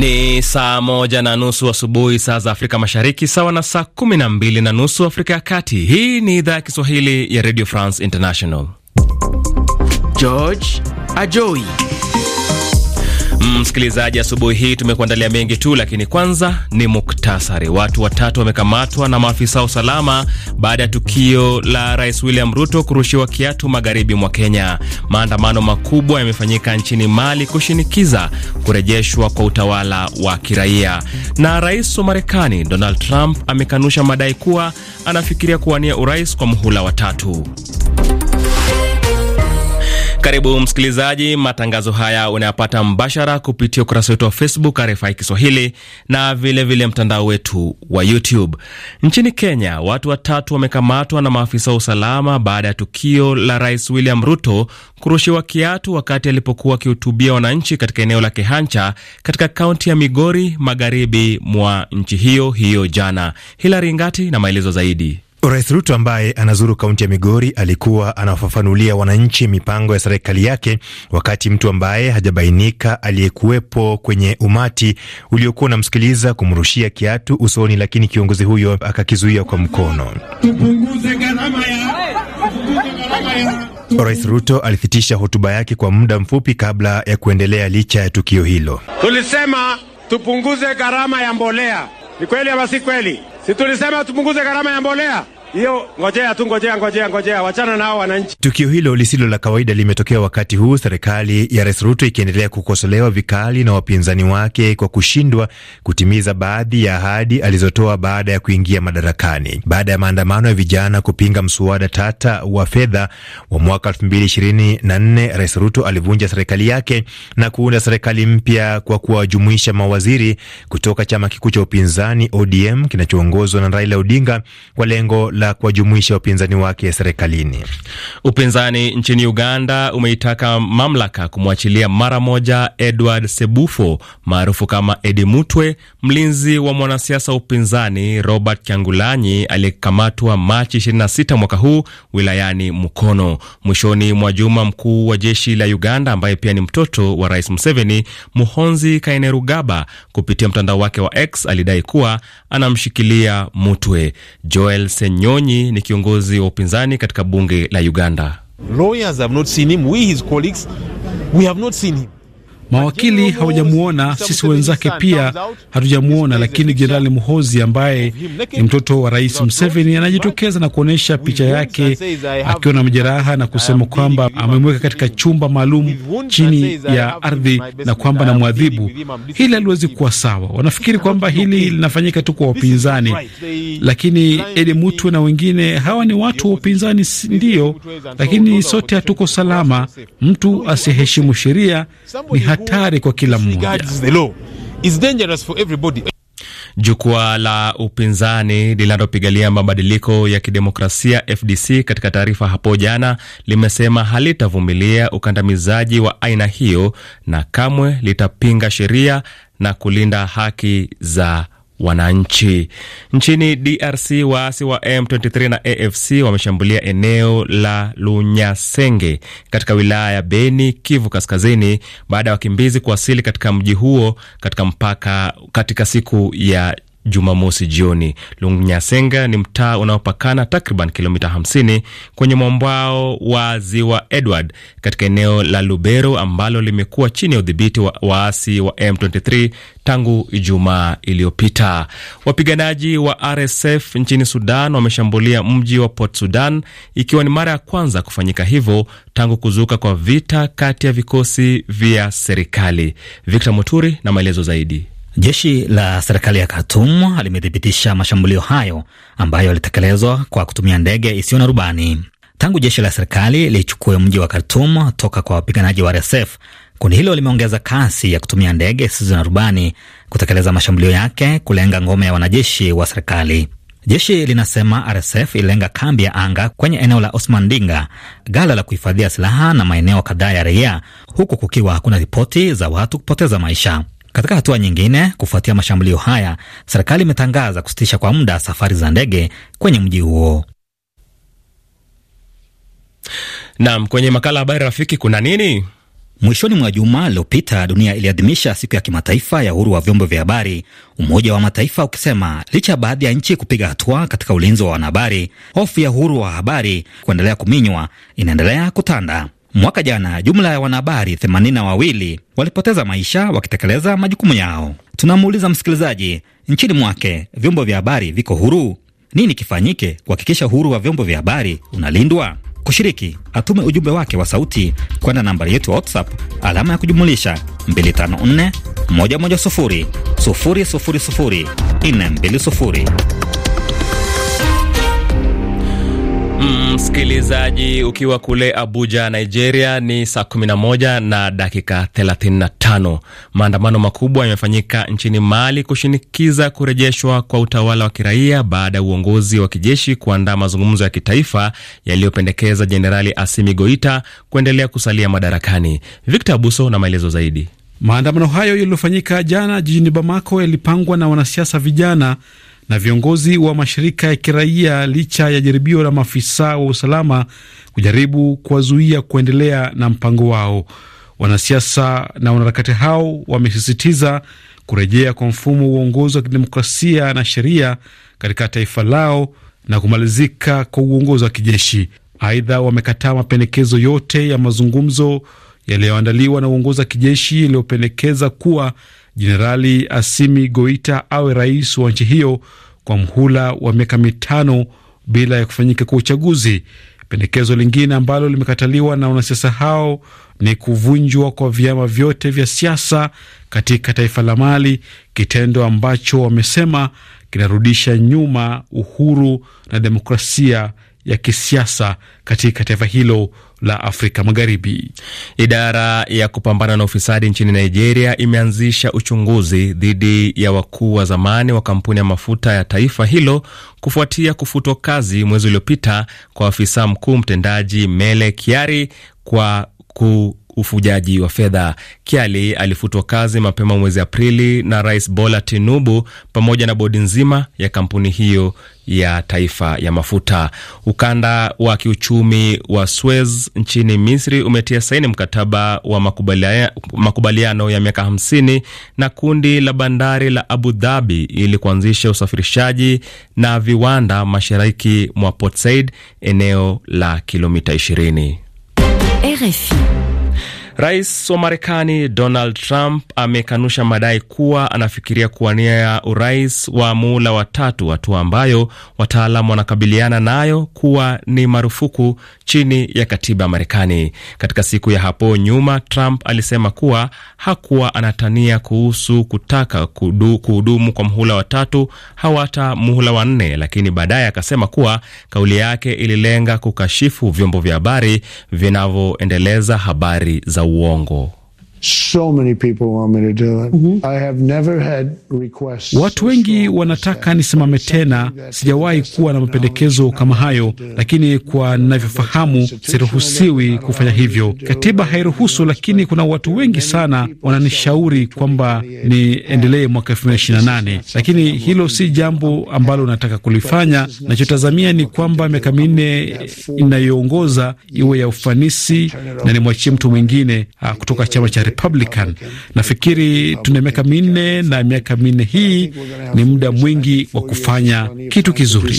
Ni saa moja na nusu asubuhi saa za Afrika Mashariki, sawa na saa kumi na mbili na nusu Afrika ya Kati. Hii ni idhaa ya Kiswahili ya Radio France International. George Ajoi Mm, msikilizaji, mm, asubuhi hii tumekuandalia mengi tu, lakini kwanza ni muktasari. Watu watatu wamekamatwa na maafisa wa usalama baada ya tukio la Rais William Ruto kurushiwa kiatu magharibi mwa Kenya. Maandamano makubwa yamefanyika nchini Mali kushinikiza kurejeshwa kwa utawala wa kiraia. Na rais wa Marekani Donald Trump amekanusha madai kuwa anafikiria kuwania urais kwa muhula wa tatu. Karibu msikilizaji, matangazo haya unayapata mbashara kupitia ukurasa wetu wa Facebook RFI Kiswahili na vilevile mtandao wetu wa YouTube. Nchini Kenya, watu watatu wamekamatwa na maafisa wa usalama baada ya tukio la Rais William Ruto kurushiwa kiatu wakati alipokuwa akihutubia wananchi katika eneo la Kehancha katika kaunti ya Migori, magharibi mwa nchi hiyo hiyo jana. Hilari Ngati na maelezo zaidi. Rais Ruto ambaye anazuru kaunti ya Migori alikuwa anawafafanulia wananchi mipango ya serikali yake, wakati mtu ambaye hajabainika aliyekuwepo kwenye umati uliokuwa unamsikiliza kumrushia kiatu usoni, lakini kiongozi huyo akakizuia kwa mkono. Tupunguze gharama ya Rais Ruto alithitisha hotuba yake kwa muda mfupi kabla ya kuendelea, licha ya tukio hilo. Tulisema tupunguze gharama ya mbolea, ni kweli ama si kweli? si tulisema tupunguze gharama ya mbolea? hiyo ngojea tu, ngojea, ngojea, ngojea, wachana nao wananchi. Tukio hilo lisilo la kawaida limetokea wakati huu serikali ya Rais Ruto ikiendelea kukosolewa vikali na wapinzani wake kwa kushindwa kutimiza baadhi ya ahadi alizotoa baada ya kuingia madarakani. Baada ya maandamano ya vijana kupinga mswada tata wa fedha wa mwaka 2024, Rais Ruto alivunja serikali yake na kuunda serikali mpya kwa kuwajumuisha mawaziri kutoka chama kikuu cha upinzani ODM kinachoongozwa na Raila Odinga kwa lengo la kuwajumuisha upinzani wake serikalini. Upinzani nchini Uganda umeitaka mamlaka kumwachilia mara moja Edward Sebufo maarufu kama Edi Mutwe, mlinzi wa mwanasiasa wa upinzani Robert Kyangulanyi aliyekamatwa Machi 26 mwaka huu wilayani Mukono. Mwishoni mwa juma, mkuu wa jeshi la Uganda ambaye pia ni mtoto wa Rais Museveni, Muhonzi Kainerugaba, kupitia mtandao wake wa X alidai kuwa anamshikilia Mutwe. Joel Senyo Nyonyi ni kiongozi wa upinzani katika bunge la Uganda. Lawyers have not seen him. We, his colleagues, we have not seen him. Mawakili hawajamwona, sisi wenzake pia hatujamwona, lakini Jenerali Muhozi ambaye ni mtoto wa Rais Museveni anajitokeza na kuonyesha picha yake akiwa na majeraha na kusema kwamba amemweka katika chumba maalum chini ya ardhi na kwamba na mwadhibu Hili haliwezi kuwa sawa. Wanafikiri kwamba hili linafanyika tu kwa wapinzani, lakini Edi Mutwe na wengine hawa ni watu wa upinzani, ndio, lakini sote hatuko salama. Mtu asiyeheshimu sheria ni hati hatari kwa kila mmoja. Jukwaa la upinzani linalopigalia mabadiliko ya kidemokrasia FDC katika taarifa hapo jana limesema halitavumilia ukandamizaji wa aina hiyo na kamwe litapinga sheria na kulinda haki za wananchi. Nchini DRC, waasi wa M23 na AFC wameshambulia eneo la Lunyasenge katika wilaya ya Beni, Kivu Kaskazini, baada ya wakimbizi kuwasili katika mji huo katika mpaka katika siku ya Jumamosi jioni. Lungnyasenga ni mtaa unaopakana takriban kilomita 50 kwenye mwambao wa ziwa Edward katika eneo la Lubero ambalo limekuwa chini ya udhibiti wa waasi wa M23 tangu Ijumaa iliyopita. Wapiganaji wa RSF nchini Sudan wameshambulia mji wa Port Sudan, ikiwa ni mara ya kwanza kufanyika hivyo tangu kuzuka kwa vita kati ya vikosi vya serikali. Victor Muturi na maelezo zaidi. Jeshi la serikali ya Khartoum limethibitisha mashambulio hayo ambayo yalitekelezwa kwa kutumia ndege isiyo na rubani. Tangu jeshi la serikali lichukue mji wa Khartoum toka kwa wapiganaji wa RSF, kundi hilo limeongeza kasi ya kutumia ndege zisizo na rubani kutekeleza mashambulio yake kulenga ngome ya wanajeshi wa serikali. Jeshi linasema RSF ililenga kambi ya anga kwenye eneo la Osman Dinga, gala la kuhifadhia silaha na maeneo kadhaa ya raia, huku kukiwa hakuna ripoti za watu kupoteza maisha. Katika hatua nyingine, kufuatia mashambulio haya, serikali imetangaza kusitisha kwa muda safari za ndege kwenye mji huo. Naam, kwenye makala ya habari rafiki, kuna nini? Mwishoni mwa juma lililopita dunia iliadhimisha siku ya kimataifa ya uhuru wa vyombo vya habari, Umoja wa Mataifa ukisema licha ya baadhi ya nchi kupiga hatua katika ulinzi wa wanahabari, hofu ya uhuru wa habari kuendelea kuminywa inaendelea kutanda. Mwaka jana jumla ya wanahabari themanini na wawili walipoteza maisha wakitekeleza majukumu yao. Tunamuuliza msikilizaji, nchini mwake vyombo vya habari viko huru, nini kifanyike kuhakikisha uhuru wa vyombo vya habari unalindwa? Kushiriki, atume ujumbe wake wa sauti kwenda nambari yetu ya WhatsApp alama ya kujumulisha 254 110 000 420. Mm, msikilizaji, ukiwa kule Abuja, Nigeria, ni saa 11 na dakika 35. Maandamano makubwa yamefanyika nchini Mali kushinikiza kurejeshwa kwa utawala wa kiraia baada ya uongozi wa kijeshi kuandaa mazungumzo ya kitaifa yaliyopendekeza Jenerali Asimi Goita kuendelea kusalia madarakani. Victor Abuso na maelezo zaidi. Maandamano hayo yaliyofanyika jana jijini Bamako yalipangwa na wanasiasa vijana na viongozi wa mashirika ya kiraia licha ya jaribio la maafisa wa usalama kujaribu kuwazuia kuendelea na mpango wao. Wanasiasa na wanaharakati hao wamesisitiza kurejea kwa mfumo wa uongozi wa kidemokrasia na sheria katika taifa lao na kumalizika kwa uongozi wa kijeshi. Aidha, wamekataa mapendekezo yote ya mazungumzo yaliyoandaliwa na uongozi wa kijeshi yaliyopendekeza kuwa Jenerali Asimi Goita awe rais wa nchi hiyo kwa mhula wa miaka mitano bila ya kufanyika kwa uchaguzi. Pendekezo lingine ambalo limekataliwa na wanasiasa hao ni kuvunjwa kwa vyama vyote vya siasa katika taifa la Mali, kitendo ambacho wamesema kinarudisha nyuma uhuru na demokrasia ya kisiasa katika taifa hilo la Afrika Magharibi. Idara ya kupambana na ufisadi nchini Nigeria imeanzisha uchunguzi dhidi ya wakuu wa zamani wa kampuni ya mafuta ya taifa hilo kufuatia kufutwa kazi mwezi uliopita kwa afisa mkuu mtendaji Mele Kiari kwa ku ufujaji wa fedha. Kiali alifutwa kazi mapema mwezi Aprili na Rais Bola Tinubu pamoja na bodi nzima ya kampuni hiyo ya taifa ya mafuta. Ukanda wa kiuchumi wa Suez nchini Misri umetia saini mkataba wa makubalia, makubaliano ya miaka 50 na kundi la bandari la Abu Dhabi ili kuanzisha usafirishaji na viwanda mashariki mwa Port Said, eneo la kilomita 20. RFI Rais wa Marekani Donald Trump amekanusha madai kuwa anafikiria kuwania urais wa muula wa tatu, hatua ambayo wataalam wanakabiliana nayo kuwa ni marufuku chini ya katiba ya Marekani. Katika siku ya hapo nyuma, Trump alisema kuwa hakuwa anatania kuhusu kutaka kudu, kuhudumu kwa muhula wa tatu au hata muhula wa nne, lakini baadaye akasema kuwa kauli yake ililenga kukashifu vyombo vya habari vinavyoendeleza habari za uongo So many people want me to do it. Mm -hmm. I have never had requests. Watu wengi wanataka nisimame tena. Sijawahi kuwa na mapendekezo kama hayo, lakini kwa ninavyofahamu, siruhusiwi kufanya hivyo, katiba hairuhusu. Lakini kuna watu wengi sana wananishauri kwamba niendelee mwaka 2028 lakini hilo si jambo ambalo nataka kulifanya. Nachotazamia ni kwamba miaka minne inayoongoza iwe ya ufanisi na nimwachie mtu mwingine ah, kutoka chama cha Republican. Nafikiri tuna miaka minne na miaka minne hii ni muda mwingi wa kufanya kitu kizuri.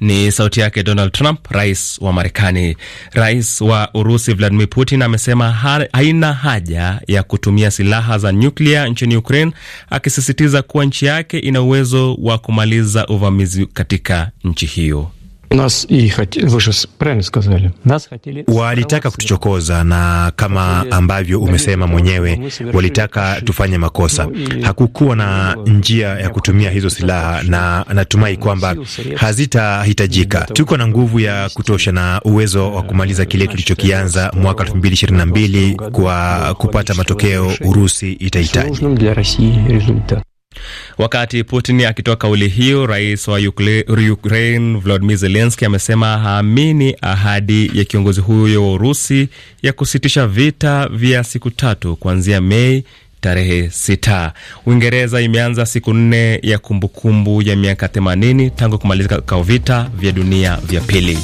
Ni sauti yake Donald Trump, rais wa Marekani. Rais wa Urusi Vladimir Putin amesema haina haja ya kutumia silaha za nyuklia nchini Ukraine, akisisitiza kuwa nchi yake ina uwezo wa kumaliza uvamizi katika nchi hiyo. Нас и вы же правильно сказали. Нас хотели... Walitaka kutuchokoza na kama ambavyo umesema mwenyewe, walitaka tufanye makosa. Hakukuwa na njia ya kutumia hizo silaha, na natumai kwamba hazitahitajika. Tuko na nguvu ya kutosha na uwezo wa kumaliza kile tulichokianza э, mwaka 2022 kwa kupata matokeo Urusi itahitaji. Wakati Putin akitoa kauli hiyo, rais wa Ukraine Volodymyr Zelensky amesema haamini ahadi ya kiongozi huyo wa Urusi ya kusitisha vita vya siku tatu kuanzia Mei tarehe sita. Uingereza imeanza siku nne ya kumbukumbu ya miaka 80 tangu kumalizika kwa vita vya dunia vya pili.